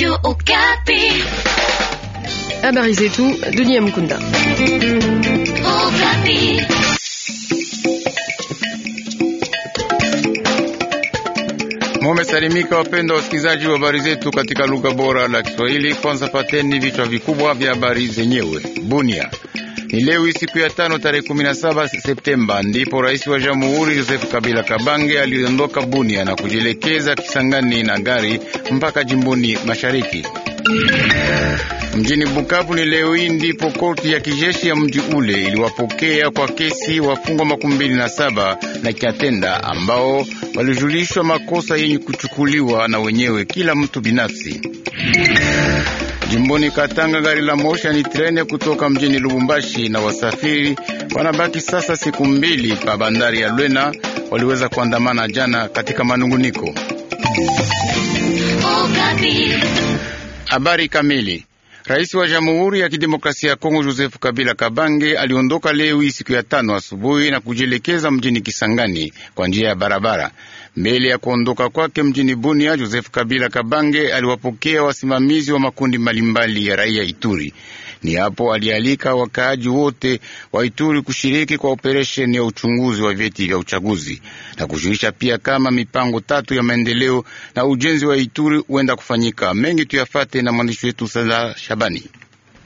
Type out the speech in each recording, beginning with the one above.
Radio Okapi. Habari zetu Dunia Mkunda. Okapi. Mumesalimika wapendwa wasikilizaji wa habari zetu katika lugha bora la Kiswahili. Kwanza pateni vichwa vikubwa vya habari zenyewe. Bunia ni leo siku ya tano tarehe 17 Septemba ndipo rais wa jamhuri Joseph Kabila Kabange aliondoka Bunia na kujielekeza Kisangani na gari mpaka jimboni mashariki mjini Bukavu. Ni leo hii ndipo korti ya kijeshi ya mji ule iliwapokea kwa kesi wafungwa makumi mbili na saba na kiatenda ambao walijulishwa makosa yenye kuchukuliwa na wenyewe kila mtu binafsi. Jimboni Katanga, gari la moshi ni treni kutoka mjini Lubumbashi na wasafiri wanabaki sasa siku mbili pa bandari ya Lwena. Waliweza kuandamana jana katika manunguniko. Oh, Habari kamili Rais wa Jamhuri ya Kidemokrasia ya Kongo Joseph Kabila Kabange aliondoka leo hii siku ya tano asubuhi na kujielekeza mjini Kisangani kwa njia ya barabara. Mbele ya kuondoka kwake mjini Bunia, Joseph Kabila Kabange aliwapokea wasimamizi wa makundi mbalimbali ya raia Ituri. Ni hapo alialika wakaaji wote wa Ituri kushiriki kwa operesheni ya uchunguzi wa vyeti vya uchaguzi na kujulisha pia kama mipango tatu ya maendeleo na ujenzi wa Ituri huenda kufanyika. Mengi tuyafate na mwandishi wetu Sala Shabani.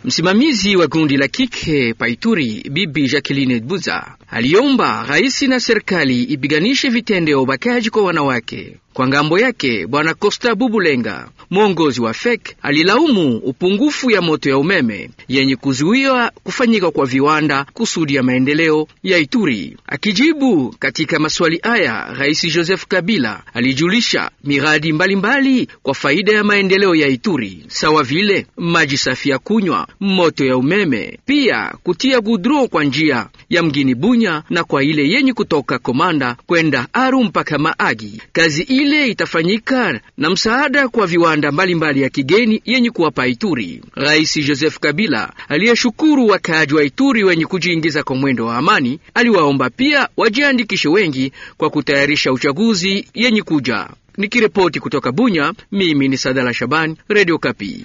Msimamizi wa kundi la kike paituri Bibi Jacqueline Buza aliomba raisi na serikali ipiganishe vitendo ya ubakaji kwa wanawake. Kwa ngambo yake, bwana Costa Bubulenga, mwongozi wa FEC, alilaumu upungufu ya moto ya umeme yenye kuzuiwa kufanyika kwa viwanda kusudi ya maendeleo ya Ituri. Akijibu katika maswali haya, Rais Joseph Kabila alijulisha miradi mbalimbali mbali kwa faida ya maendeleo ya Ituri, sawa vile maji safi ya kunywa, moto ya umeme, pia kutia gudro kwa njia ya mgini Bunya na kwa ile yenye kutoka Komanda kwenda Aru mpaka Maagi. Kazi ile vile itafanyika na msaada kwa viwanda mbalimbali mbali ya kigeni yenye kuwapa Ituri. Rais Joseph Kabila aliyeshukuru wakaaji wa Ituri wenye kujiingiza kwa mwendo wa amani, aliwaomba pia wajiandikishe wengi kwa kutayarisha uchaguzi yenye kuja. Nikiripoti kutoka Bunya, mimi ni Sadala Shaban, Radio Kapi.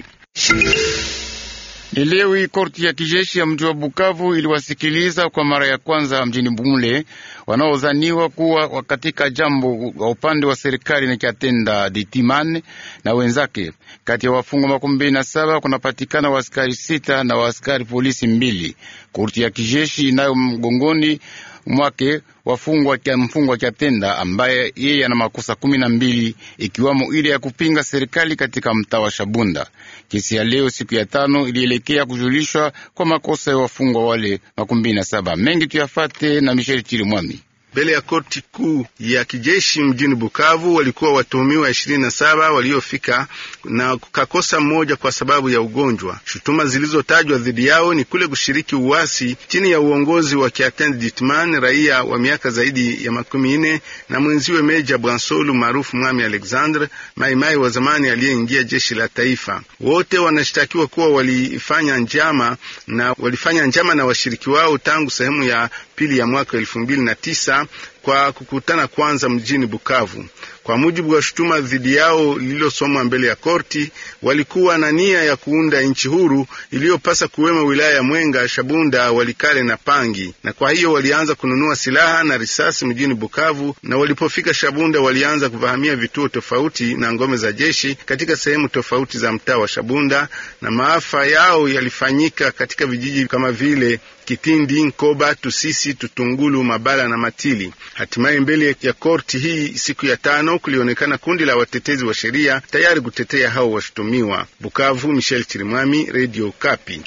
Ni leo hii korti ya kijeshi ya mji wa Bukavu iliwasikiliza kwa mara ya kwanza mjini Bumule wanaodhaniwa kuwa katika jambo wa upande wa serikali na kiatenda Ditiman na wenzake. Kati ya wafungwa makumi mbili na saba kunapatikana waaskari sita na waaskari polisi mbili. Korti ya kijeshi inayo mgongoni mwake wafungwa mfungwa tenda ambaye yeye ana makosa kumi na mbili ikiwamo ile ya kupinga serikali katika mtaa wa Shabunda. Kesi ya leo siku ya tano ilielekea kujulishwa kwa makosa ya wafungwa wale makumi mbili na saba. Mengi tuyafate na Mishel Chirimwami mbele ya korti kuu ya kijeshi mjini Bukavu walikuwa watuhumiwa ishirini na saba waliofika na kakosa mmoja kwa sababu ya ugonjwa. Shutuma zilizotajwa dhidi yao ni kule kushiriki uasi chini ya uongozi wa Kiatende Ditman, raia wa miaka zaidi ya makumi nne na mwenziwe Meja Bransolu maarufu Mwami Alexandre Maimai wa zamani aliyeingia jeshi la taifa. Wote wanashtakiwa kuwa walifanya njama na walifanya njama na washiriki wao tangu sehemu ya pili ya mwaka elfu mbili na tisa time kwa kukutana kwanza mjini Bukavu. Kwa mujibu wa shutuma dhidi yao lililosomwa mbele ya korti, walikuwa na nia ya kuunda nchi huru iliyopasa kuwema wilaya ya Mwenga, Shabunda, Walikale na Pangi, na kwa hiyo walianza kununua silaha na risasi mjini Bukavu, na walipofika Shabunda walianza kuvahamia vituo tofauti na ngome za jeshi katika sehemu tofauti za mtaa wa Shabunda, na maafa yao yalifanyika katika vijiji kama vile Kitindi, Nkoba, Tusisi, Tutungulu, Mabala na Matili. Hatimaye mbele ya korti hii siku ya tano kulionekana kundi la watetezi wa sheria tayari kutetea hao washutumiwa. Bukavu, Michel Chirimwami, Radio Kapi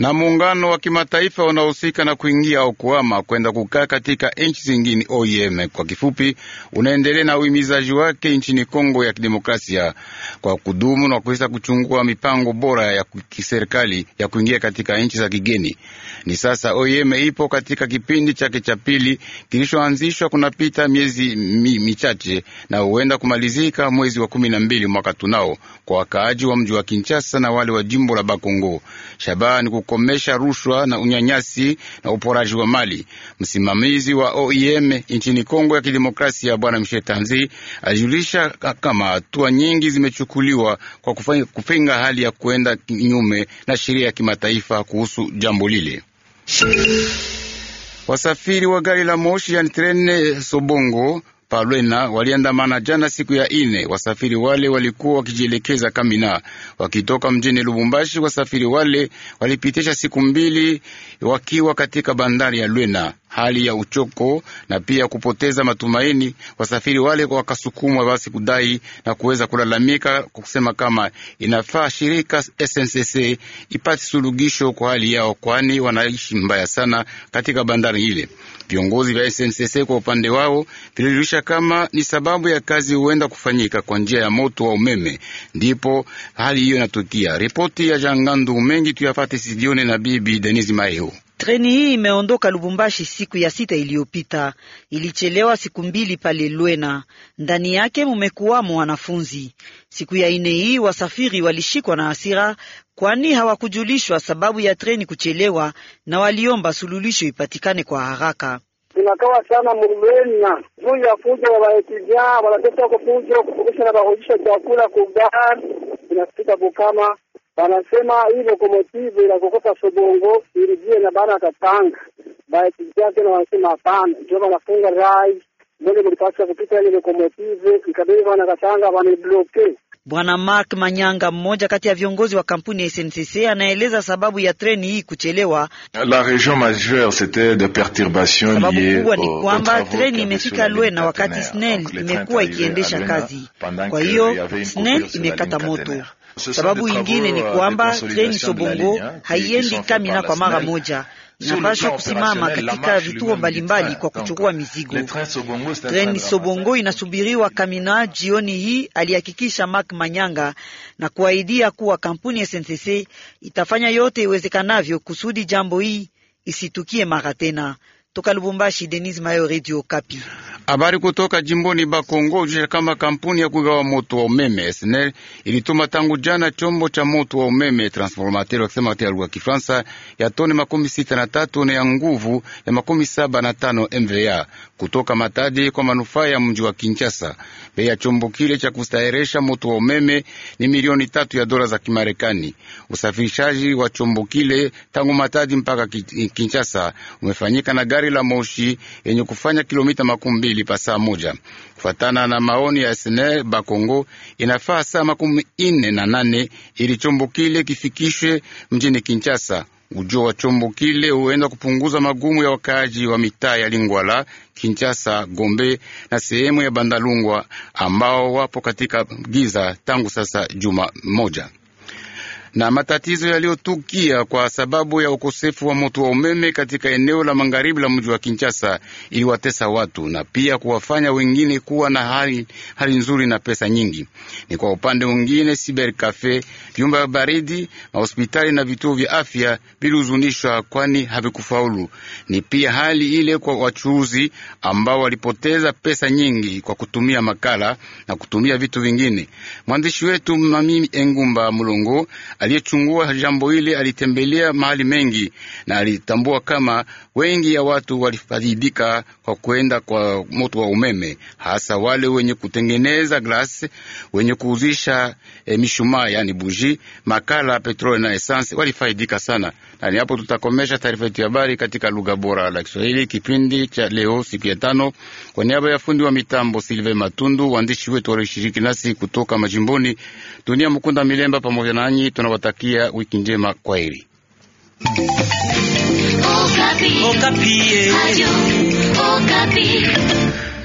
na muungano wa kimataifa unaohusika na kuingia au kuama kwenda kukaa katika nchi zingine OIM e kwa kifupi, unaendelea na uhimizaji wake nchini Kongo ya Kidemokrasia kwa kudumu na kuweza kuchungua mipango bora ya kiserikali ya kuingia katika nchi za kigeni. Ni sasa OIM e ipo katika kipindi chake cha pili kilichoanzishwa kunapita miezi mi, michache na huenda kumalizika mwezi wa kumi na mbili mwaka tunao, kwa wakaaji wa mji wa Kinshasa na wale wa jimbo la Bakongo Shabani kukomesha rushwa na unyanyasi na uporaji wa mali. Msimamizi wa OIM e nchini Kongo ya Kidemokrasia, Bwana Michel Tanzi, alijulisha kama hatua nyingi zimechukuliwa kwa kupinga hali ya kuenda kinyume na sheria ya kimataifa kuhusu jambo lile. Wasafiri wa gari la moshi yani trene Sobongo Palwena waliandamana jana siku ya ine. Wasafiri wale walikuwa wakijielekeza Kamina wakitoka mjini Lubumbashi. Wasafiri wale walipitisha siku mbili wakiwa katika bandari ya Lwena hali ya uchoko na pia kupoteza matumaini. Wasafiri wale wakasukumwa basi kudai na kuweza kulalamika kwa kusema kama inafaa shirika SNCC ipate suluhisho kwa hali yao, kwani wanaishi mbaya sana katika bandari ile. Viongozi vya SNCC kwa upande wao vilijulisha kama ni sababu ya kazi huenda kufanyika kwa njia ya moto wa umeme, ndipo hali hiyo inatokea. Ripoti ya Jangandu mengi tuyafate sijione na bibi Denise Maeo. Treni hii imeondoka Lubumbashi siku ya sita iliyopita, ilichelewa siku mbili pale Lwena. Ndani yake mumekuwamo wanafunzi. Siku ya ine hii wasafiri walishikwa na hasira, kwani hawakujulishwa sababu ya treni kuchelewa, na waliomba sululisho ipatikane kwa haraka. Tunakawa sana Mulwena juu ya fujo ya waetudia wanateta kufujo kufukusha na bahoisha chakula kugari inafika Bukama wanasema hii lokomotive inakokoka Sobongo irudie na bana Katanga baetia tena, wanasema hapana, ndio wanafunga rai mbele mlipaswa kupita ile lokomotive ikabidi wana Katanga wanebloke. Bwana Mark Manyanga, mmoja kati ya viongozi wa kampuni ya SNCC, anaeleza sababu ya treni hii kuchelewa. La region majeure c'était de perturbation liée kubwa ni kwamba treni imefika na wakati SNEL imekuwa ikiendesha kazi, kwa hiyo SNEL imekata moto Sababu ingine ni euh, kwamba deni Sobongo haiendi Kamina kwa mara moja inapaswa kusimama katika vituo mbalimbali kwa kuchukua mizigo. Treni Sobongo inasubiriwa Kamina jioni hii, alihakikisha Mark Manyanga na kuahidia kuwa kampuni ya SNCC itafanya yote iwezekanavyo kusudi jambo hii isitukie mara tena. Toka Lubumbashi, Denis Mayo, Radio Kapi. Habari kutoka jimboni Bakongo ujisha kama kampuni ya kugawa moto wa umeme SNEL ilituma tangu jana chombo cha moto wa umeme transformateur wakisema katika lugha ya Kifaransa ya tone makumi sita na tatu na ya nguvu ya makumi saba na tano MVA kutoka Matadi kwa manufaa ya mji wa Kinshasa. Bei ya chombo kile cha kustaheresha moto wa umeme ni milioni tatu ya dola za Kimarekani. Usafirishaji wa chombo kile tangu Matadi mpaka Kinshasa umefanyika na gari gari la moshi yenye kufanya kilomita makumi mbili pa saa moja. Kufatana na maoni ya SNEL Bakongo, inafaa saa makumi ine na nane ili chombo kile kifikishwe mjini Kinshasa. Ujio wa chombo kile huenda kupunguza magumu ya wakaaji wa mitaa ya Lingwala, Kinshasa, Gombe na sehemu ya Bandalungwa ambao wapo katika giza tangu sasa juma moja na matatizo yaliyotukia kwa sababu ya ukosefu wa moto wa umeme katika eneo la magharibi la mji wa Kinshasa iliwatesa watu na pia kuwafanya wengine kuwa na hali, hali nzuri na pesa nyingi. Ni kwa upande mwingine, siber cafe, vyumba vya baridi, mahospitali na vituo vya afya vilihuzunishwa, kwani havikufaulu. Ni pia hali ile kwa wachuuzi ambao walipoteza pesa nyingi kwa kutumia makala na kutumia vitu vingine. Mwandishi wetu Mami Engumba Mulongo Aliyechungua jambo hili alitembelea mahali mengi na alitambua kama wengi ya watu walifaidika kwa kwenda kwa moto wa umeme, hasa wale wenye kutengeneza glasi, wenye kuuzisha e, mishumaa yani buji, makala, petroli na esansi walifaidika sana. Na ni hapo tutakomesha taarifa yetu ya habari katika lugha bora la Kiswahili kipindi cha leo siku ya tano, kwa niaba ya fundi wa mitambo Silve Matundu, waandishi wetu walioshiriki nasi kutoka majimboni, dunia Mkunda Milemba pamoja nanyi tuna tunawatakia wiki njema, kwa heri. Okapi. Okapi.